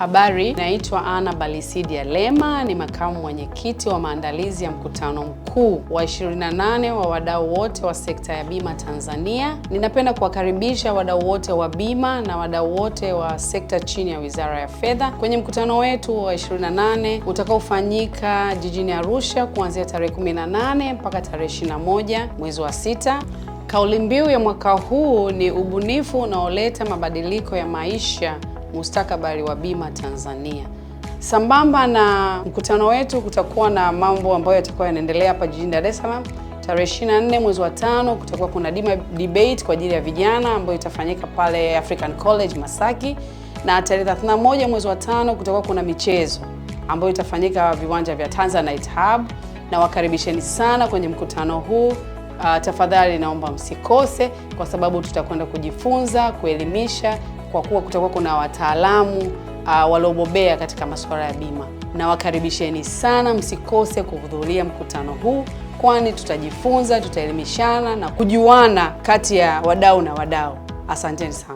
Habari, naitwa Anna Balisidia Lema, ni makamu mwenyekiti wa maandalizi ya mkutano mkuu wa 28 wa wadau wote wa sekta ya bima Tanzania. Ninapenda kuwakaribisha wadau wote wa bima na wadau wote wa sekta chini ya Wizara ya Fedha kwenye mkutano wetu wa 28 utakaofanyika jijini Arusha kuanzia tarehe 18 mpaka tarehe 21 mwezi wa sita. Kauli mbiu ya mwaka huu ni ubunifu unaoleta mabadiliko ya maisha mustakabali wa bima Tanzania. Sambamba na mkutano wetu, kutakuwa na mambo ambayo yatakuwa yanaendelea hapa jijini Dar es Salaam. Tarehe 24 mwezi wa tano kutakuwa kuna dima debate kwa ajili ya vijana ambayo itafanyika pale African College Masaki, na tarehe 31 mwezi wa tano kutakuwa kuna michezo ambayo itafanyika viwanja vya Tanzanite Hub, na wakaribisheni sana kwenye mkutano huu. Uh, tafadhali naomba msikose kwa sababu tutakwenda kujifunza, kuelimisha kwa kuwa kutakuwa kuna wataalamu uh, waliobobea katika masuala ya bima. Nawakaribisheni sana, msikose kuhudhuria mkutano huu, kwani tutajifunza, tutaelimishana na kujuana kati ya wadau na wadau. Asanteni sana.